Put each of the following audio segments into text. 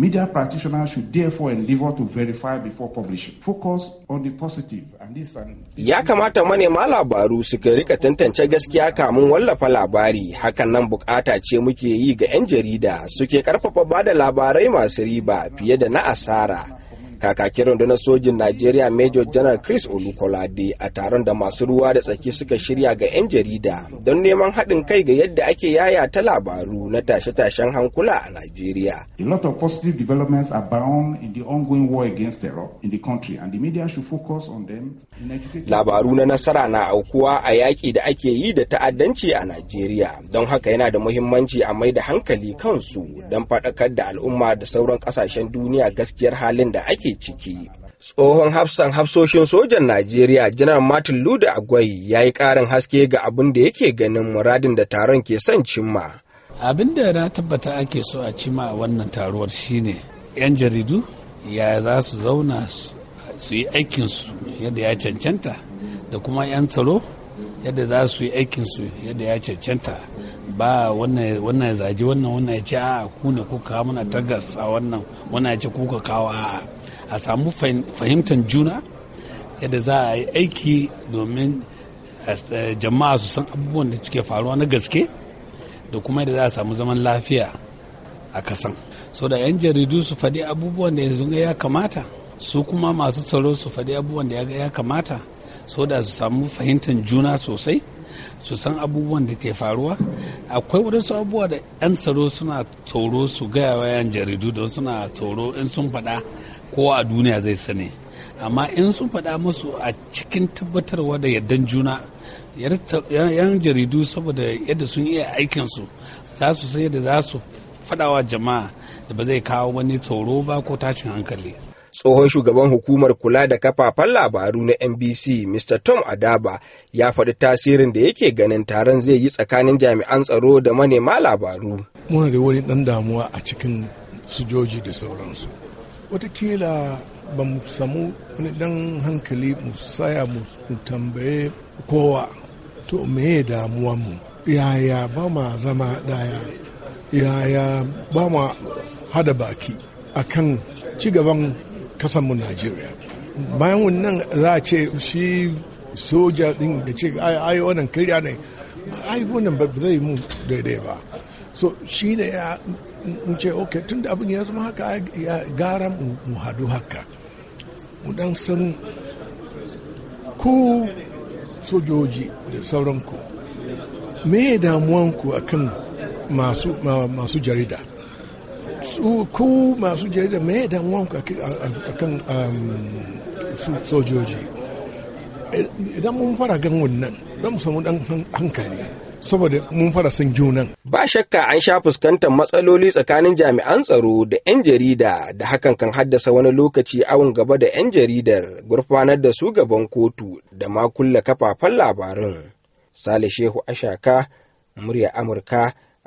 Media practitioners should therefore endeavor to verify before publishing. Focus on the positive and this and Ya kamata manema labaru su kai rika tantance gaskiya kamun wallafa labari, hakan nan bukata ce muke yi ga 'yan jarida suke karfafa bada labarai masu riba fiye da na asara. kakakin rundunar sojin najeriya major general chris olukolade a taron da masu ruwa da tsaki suka shirya ga 'yan jarida don neman haɗin kai ga yadda ake yaya ta labaru na tashe-tashen hankula a najeriya a lot of positive developments are bound in the ongoing war against terror in the country and the media should focus on them labaru na nasara na aukuwa a yaƙi da ake yi da ta'addanci a najeriya don haka yana da muhimmanci a mai da hankali kansu don faɗakar da al'umma da sauran ƙasashen duniya gaskiyar halin da ake ake ciki. Tsohon hafsan hafsoshin sojan Najeriya Janar Martin Luda Agwai ya yi ƙarin haske ga abin da yake ganin muradin da taron ke son cimma. Abin da na tabbata ake so a cima a wannan taruwar shine 'yan jaridu ya za su zauna su yi aikinsu yadda ya cancanta da kuma 'yan tsaro yadda za su yi aikinsu yadda ya cancanta ba wannan ya zaji wannan wannan ya ce a ku ne kuka kawo mana tagas a wannan wannan ya ce kuka kawo a a samu fahimtar juna yadda za a yi aiki domin eh, jama'a su san abubuwan da suke faruwa na gaske da kuma yadda za a samu zaman lafiya a kasan so da 'yan jaridu su faɗi abubuwan da ya kamata su kuma masu tsaro su faɗi abubuwan da ya kamata so da su samu fahimtar juna sosai su san abubuwan da ke faruwa akwai wadansu abubuwa da 'yan tsaro suna tsoro su gaya wa 'yan jaridu don suna tsoro in sun faɗa ko a duniya zai sani amma in sun faɗa musu a cikin tabbatarwa da yardan juna yan jaridu saboda yadda sun iya aikinsu za su sai da za su faɗawa jama'a da ba zai kawo wani tsoro ba ko tashin hankali tsohon shugaban hukumar kula da kafafen labaru na NBC Mr. Tom Adaba ya faɗi tasirin da yake ganin taron zai yi tsakanin jami'an tsaro da manema labaru. Muna da wani ɗan damuwa a cikin sojoji da sauransu. Watakila ba mu samu wani ɗan hankali mu saya mu tambaye kowa to me damuwa mu yaya ba ma zama ɗaya yaya ba ma hada baki akan ci gaban Kasan kasanmu Najeriya. Bayan wannan za a ce shi soja din da ce ayi wannan kariya ne ayi wannan ba zai mu daidai ba. So shi ne ya ce ok tun da abin ya zama haka ya gara mu hadu haka. Mu dan san ku sojoji da sauranku me damuwanku kan masu jarida su ku masu jarida me dan wanka akan um, sojoji idan mun fara gan wannan don mu samu dan hankali saboda mun fara san junan. Ba shakka an sha fuskantar matsaloli tsakanin jami'an tsaro da 'yan jarida da hakan kan haddasa wani lokaci awon gaba da 'yan jaridar gurfanar da su gaban kotu da ma kulle kafafen labarun. Sale Shehu Ashaka, murya Amurka,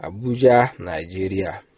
Abuja, Najeriya.